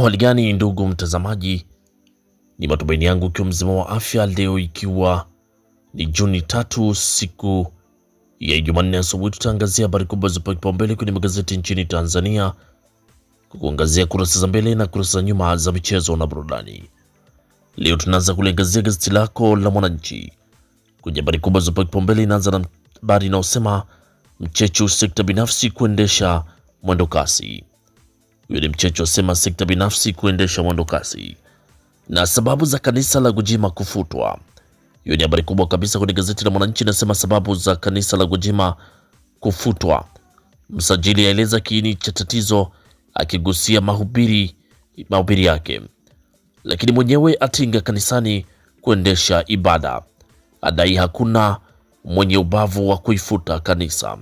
Hali gani ndugu mtazamaji, ni matumaini yangu ikiwa mzima wa afya leo, ikiwa ni Juni tatu siku ya Jumanne asubuhi, tutaangazia habari kubwa zipo kipaumbele kwenye magazeti nchini Tanzania, kukuangazia kurasa za mbele na kurasa za nyuma za michezo na burudani. Leo tunaanza kuliangazia gazeti lako la Mwananchi kwenye habari kubwa zipo kipaumbele, inaanza na habari inayosema Mchechu sekta binafsi kuendesha mwendo kasi Willy Mchecho asema sekta binafsi kuendesha mwendo kasi na sababu za kanisa la Gwajima kufutwa. Hiyo ni habari kubwa kabisa kwenye gazeti la Mwananchi, inasema sababu za kanisa la Gwajima kufutwa. Msajili aeleza kiini cha tatizo akigusia mahubiri, mahubiri yake, lakini mwenyewe atinga kanisani kuendesha ibada, adai hakuna mwenye ubavu wa kuifuta kanisa.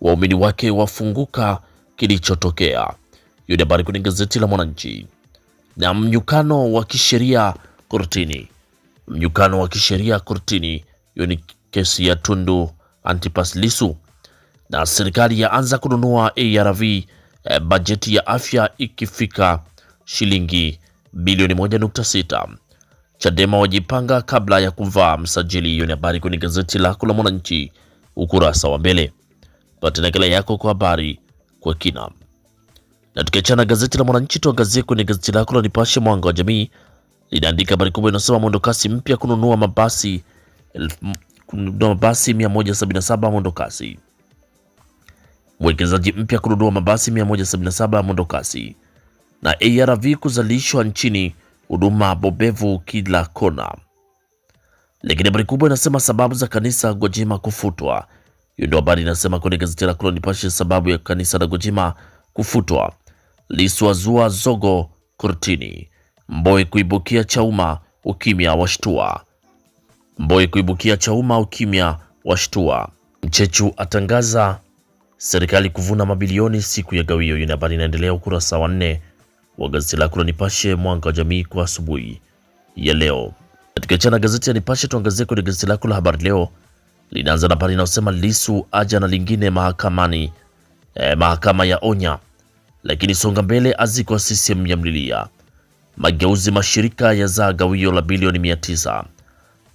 Waumini wake wafunguka kilichotokea. Hiyo ni habari kwenye gazeti la Mwananchi. Na mnyukano wa kisheria kortini, mnyukano wa kisheria kortini. Hiyo ni kesi ya Tundu Antipas Lisu. Na serikali yaanza kununua ARV, eh, bajeti ya afya ikifika shilingi bilioni 1.6. Chadema wajipanga kabla ya kuvaa msajili. Hiyo ni habari kwenye gazeti lako la Mwananchi ukurasa wa mbele. Pata nakala yako kwa habari kwa kina. Na tukiachana gazeti la Mwananchi, tuangazie kwenye gazeti lako la Nipashe Mwanga wa Jamii, linaandika habari kubwa inasema mwendokasi mpya kununua mabasi mabasi 177 mwendokasi. Mwekezaji mpya kununua mabasi 177 mwendokasi. Na ARV kuzalishwa nchini, huduma bobevu kila kona. Lakini habari kubwa inasema sababu za kanisa Gwajima kufutwa. Hiyo ndio habari inasema kwenye gazeti lako la Nipashe, sababu ya kanisa la Gwajima kufutwa, Liswazua zogo kortini, Mboe kuibukia Chauma ukimya washtua, Mboe kuibukia Chauma ukimya washtua, Mchechu atangaza serikali kuvuna mabilioni siku ya gawio. Hiyo ni habari inaendelea ukurasa wa nne wa gazeti lako la Nipashe mwanga wa jamii kwa asubuhi ya leo. Katika chana gazeti ya Nipashe tuangazie kwenye gazeti lako la habari leo linaanza na habari inayosema Lisu aja na lingine mahakamani, eh, mahakama ya onya lakini songa mbele azikwa CCM yamlilia mageuzi, mashirika ya zaa gawio la bilioni 900,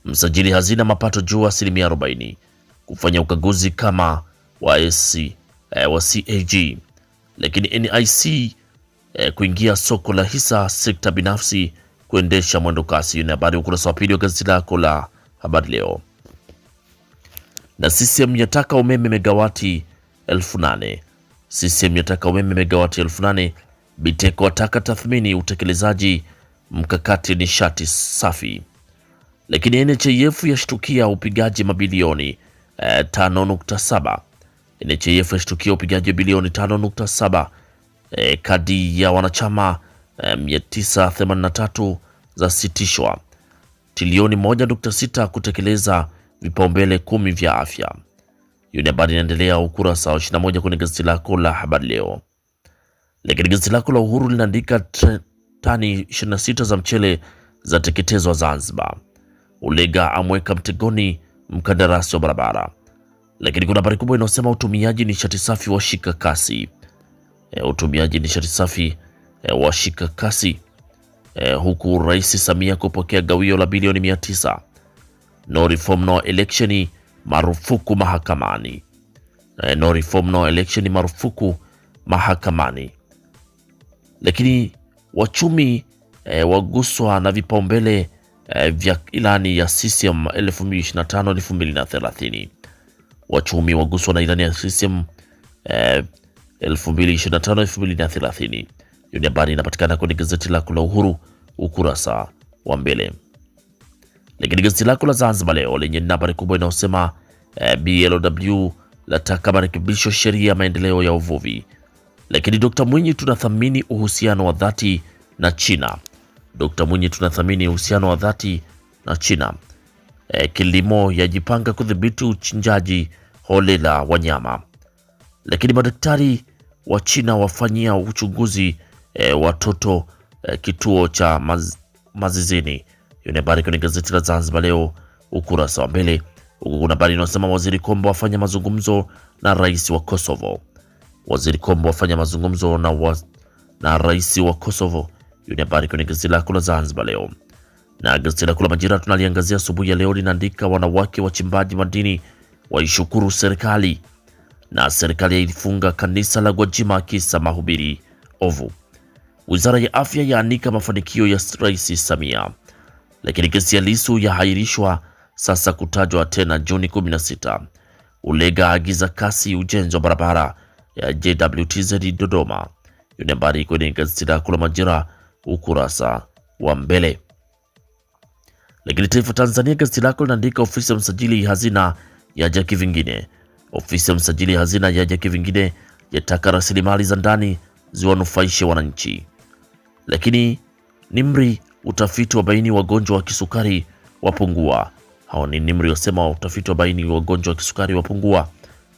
msajili hazina mapato juu asilimia 40, kufanya ukaguzi kama wa, SC, eh, wa CAG, lakini NIC eh, kuingia soko la hisa, sekta binafsi kuendesha mwendo kasi. Ni habari ukurasa wa pili wa gazeti lako la habari leo. Na CCM yataka umeme megawati elfu nane CCM yataka umeme megawati elfu nane. Biteko wataka tathmini utekelezaji mkakati nishati safi. Lakini NHIF yashtukia upigaji mabilioni e, 5.7. NHIF yashtukia upigaji wa bilioni 5.7 e, eh, kadi ya wanachama 983 eh, za sitishwa, trilioni 1.6 kutekeleza vipaumbele kumi vya afya. Hiyo ni habari inaendelea ukurasa wa 21 kwenye gazeti lako la habari leo. Lakini gazeti lako la Uhuru linaandika tani 26 za mchele za wa Zanzibar. Ulega amweka mtegoni mkandarasi wa barabara. Lakini kuna habari kubwa inayosema utumiaji nishati safi washika kasi. E, utumiaji nishati safi e, washika kasi. E, huku Rais Samia kupokea gawio la bilioni 900. No reform no election marufuku mahakamani. No reform, no election ni marufuku mahakamani. Lakini wachumi e, waguswa na vipaumbele e, vya ilani ya CCM 2025-2030. Wachumi waguswa na ilani ya CCM e, 2025-2030. Hiyo ni habari inapatikana kwenye gazeti lako la Uhuru ukurasa wa mbele. Lakini gazeti lako la Zanzibar Leo lenye nambari kubwa inayosema eh, BLW lataka marekebisho sheria ya maendeleo ya uvuvi. Lakini Dr. Mwinyi tunathamini uhusiano wa dhati na China. Dr. Mwinyi tunathamini uhusiano wa dhati na China. Eh, kilimo yajipanga kudhibiti uchinjaji holela wanyama. Lakini madaktari wa China wafanyia uchunguzi eh, watoto eh, kituo cha maz, mazizini. Hiyo ni habari kwenye gazeti la Zanzibar Leo ukurasa wa mbele, huku kuna habari inayosema waziri Kombo afanya mazungumzo na rais wa Kosovo. Waziri Kombo afanya mazungumzo na, wa, na rais wa Kosovo. Hiyo ni habari kwenye gazeti lako la Zanzibar Leo na gazeti lako la Majira tunaliangazia asubuhi ya leo, linaandika wanawake wachimbaji madini waishukuru serikali, na serikali yaifunga kanisa la Gwajima kisa mahubiri ovu. Wizara ya afya yaandika mafanikio ya Rais Samia. Lakini kesi ya lisu yahairishwa sasa kutajwa tena Juni 16. Ulega agiza kasi ujenzi wa barabara ya JWTZ Dodoma. Hiyo habari kwenye gazeti lako la Majira ukurasa wa mbele. Lakini Taifa Tanzania gazeti lako linaandika ofisi ya msajili hazina ya jaki vingine ofisi ya msajili hazina ya jaki vingine yataka rasilimali za ndani ziwanufaishe wananchi. Lakini Nimri utafiti wa baini wagonjwa wa kisukari wapungua. Hao ni NIMR waliosema utafiti wa baini wagonjwa wa kisukari wapungua.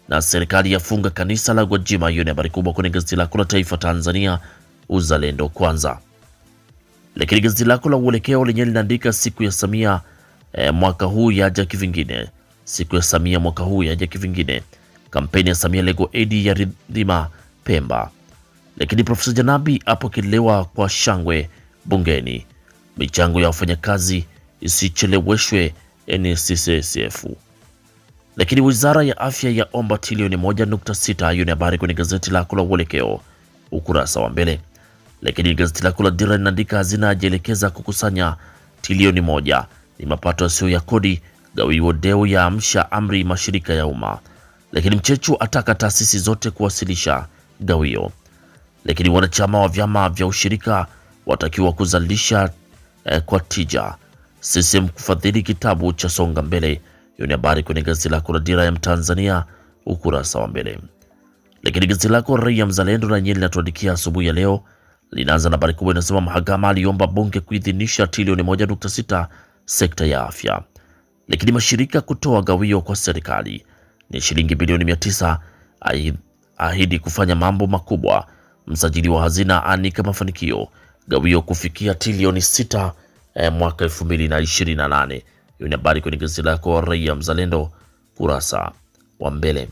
Na serikali yafunga kanisa la Gwajima. Hiyo ni habari kubwa kwenye gazeti lako la Taifa Tanzania, uzalendo kwanza. Lakini gazeti lako la Uelekeo lenyewe linaandika siku ya Samia eh, mwaka huu yaja kivingine. Siku ya Samia mwaka huu yaja kivingine. Kampeni ya Samia Lego Edi ya ridhima Pemba. Lakini Profesa Janabi apokelewa kwa shangwe bungeni michango ya wafanyakazi isicheleweshwe NSSF. Lakini wizara ya afya ya omba trilioni 1.6. Hiyo ni habari kwenye gazeti lako la Uelekeo ukurasa wa mbele. Lakini gazeti lako la Dira linaandika hazina yajielekeza kukusanya trilioni moja, ni mapato yasiyo ya kodi, Gawio Deo ya amsha amri mashirika ya umma, lakini Mchechu ataka taasisi zote kuwasilisha gawio. Lakini wanachama wa vyama vya ushirika watakiwa kuzalisha eh, kwa tija. CCM kufadhili kitabu cha Songa Mbele. Hiyo ni habari kwenye gazeti lako la Dira ya Mtanzania ukurasa wa mbele. Lakini gazeti lako Raia Mzalendo na nyeli linatuandikia asubuhi ya leo, linaanza na habari kubwa inasema, mahakama aliomba bunge kuidhinisha trilioni 1.6 sekta ya afya. Lakini mashirika kutoa gawio kwa serikali ni shilingi bilioni 900, ahidi kufanya mambo makubwa. Msajili wa hazina anika mafanikio gawio kufikia trilioni sita eh, mwaka 2028. Hiyo ni habari kwenye gazeti lako Raia Mzalendo kurasa wa mbele.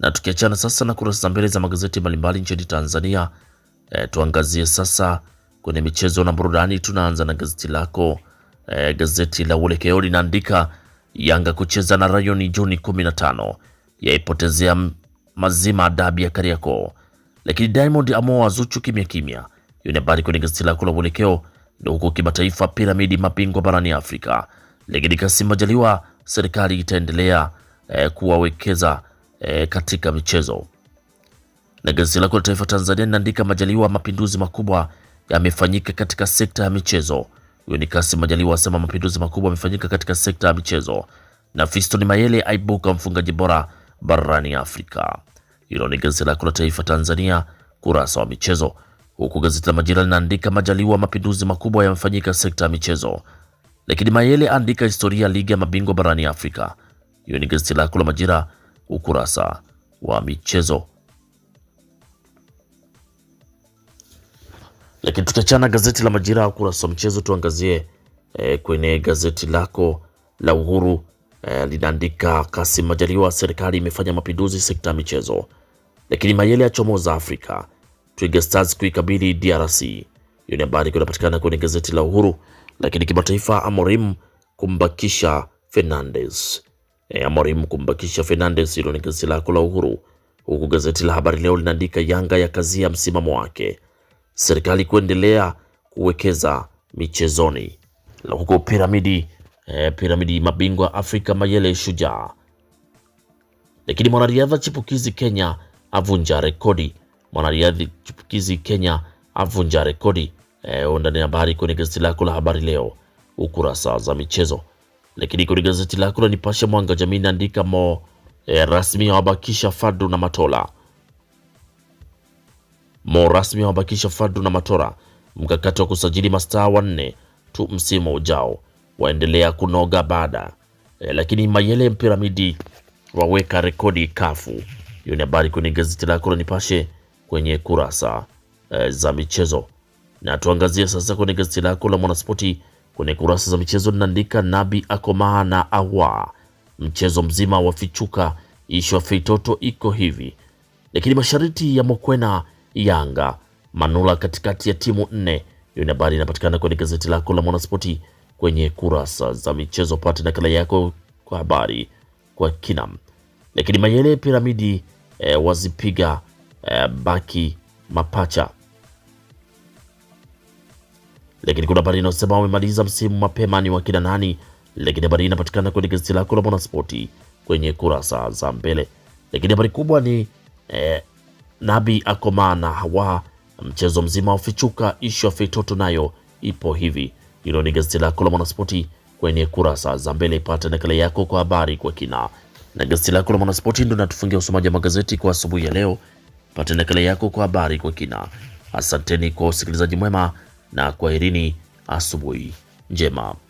Na tukiachana sasa na kurasa za mbele za magazeti mbalimbali nchini Tanzania, eh, tuangazie sasa kwenye michezo na burudani. Tunaanza na gazeti lako eh, gazeti la Uelekeo linaandika Yanga kucheza na Rayon Juni 15 yaipotezea mazima dabi ya Kariakoo, lakini Diamond amoa Zuchu kimya kimya hiyo ni habari kwenye gazeti lako la Mwelekeo. Na huko kimataifa, piramidi mabingwa barani Afrika, lakini Kassim Majaliwa, serikali itaendelea eh, kuwawekeza eh, katika michezo. Na gazeti lako la Taifa Tanzania linaandika Majaliwa, mapinduzi makubwa yamefanyika katika sekta ya michezo. Huyo ni Kassim Majaliwa asema mapinduzi makubwa yamefanyika katika sekta ya michezo. Na Fiston Mayele aibuka mfungaji bora barani Afrika. Hilo ni gazeti lako la Taifa Tanzania, kurasa wa michezo huku gazeti la Majira linaandika Majaliwa, mapinduzi makubwa yamefanyika sekta ya michezo, lakini Mayele aandika historia ya ligi ya mabingwa barani Afrika. Hiyo ni gazeti lako la Majira, ukurasa wa michezo. Lakini tukiachana gazeti la Majira ukurasa wa michezo, tuangazie eh, kwenye gazeti lako la Uhuru eh, linaandika kasi Majaliwa, serikali imefanya mapinduzi sekta ya michezo, lakini Mayele achomoza Afrika Twiga Stars kuikabili DRC. Hiyo ni habari inapatikana kwenye gazeti la Uhuru. Lakini kimataifa, Amorim kumbakisha Fernandez. E, eh, Amorim kumbakisha Fernandez, hilo ni gazeti lako la Uhuru, huku gazeti la Habari Leo linaandika Yanga ya kazi ya msimamo wake, serikali kuendelea kuwekeza michezoni, na huko piramidi e, piramidi mabingwa Afrika Mayele shujaa. Lakini mwanariadha chipukizi Kenya avunja rekodi mwanariadhi chipukizi Kenya avunja rekodi. E, ya habari kwenye gazeti lako la habari leo ukurasa za michezo. Lakini kwenye gazeti lako la Nipashe Mwanga Jamii naandika mo e, rasmi wabakisha Fadu na Matola mo rasmi wabakisha Fadu na Matola. Mkakati wa kusajili mastaa wanne tu msimu ujao waendelea kunoga baada e, eh, lakini Mayele Piramidi waweka rekodi kafu. Hiyo ni habari kwenye gazeti lako la Nipashe kwenye kurasa e, za michezo. Na tuangazie sasa kwenye gazeti lako la Mwanaspoti kwenye kurasa za michezo linaandika Nabi akomaa na awa mchezo mzima wa fichuka isho feitoto iko hivi, lakini masharti ya Mokwena Yanga Manula katikati ya timu nne. Hiyo ni habari inapatikana kwenye gazeti lako la Mwanaspoti kwenye kurasa za michezo. Pata nakala yako kwa habari kwa kinam. Lakini Mayele piramidi e, wazipiga eh, baki mapacha. Lakini kuna habari inayosema wamemaliza msimu mapema ni wakina nani, lakini habari inapatikana kwenye gazeti lako la Mwanaspoti kwenye kurasa za mbele. Lakini habari kubwa ni eh, Nabi akoma na Hawa, mchezo mzima wafichuka, ishu ya fitoto nayo ipo hivi. Hilo ni gazeti lako la Mwanaspoti kwenye kurasa za mbele. Ipate nakala yako kwa habari kwa kina, na gazeti lako la Mwanaspoti ndo natufungia usomaji wa magazeti kwa asubuhi ya leo pata yako kwa habari kwa kina. Asanteni kwa usikilizaji mwema na kwaherini, asubuhi njema.